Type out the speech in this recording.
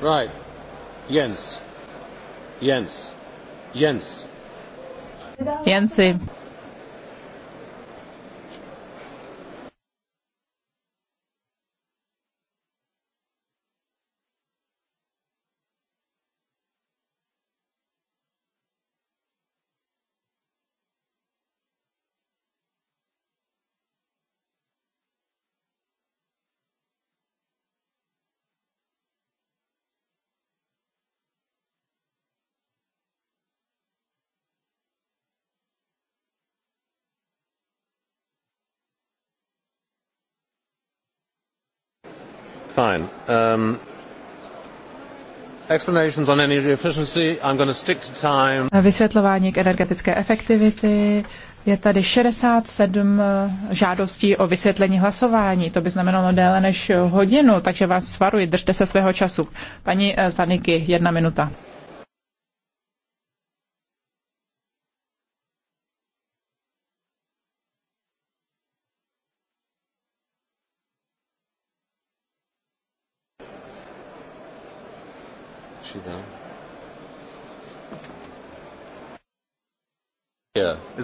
Right. Jens. Jens. Jens. Jensi. fine. Um, explanations on energy efficiency, I'm going to stick to time. Eh, vysvětlování k energetické efektivity. Je tady 67 eh, žádostí o vysvětlení hlasování. To by znamenalo no déle než hodinu, takže vás svaruji, držte se svého času. Paní eh, Zaniky, jedna minuta. Určitá. Yeah.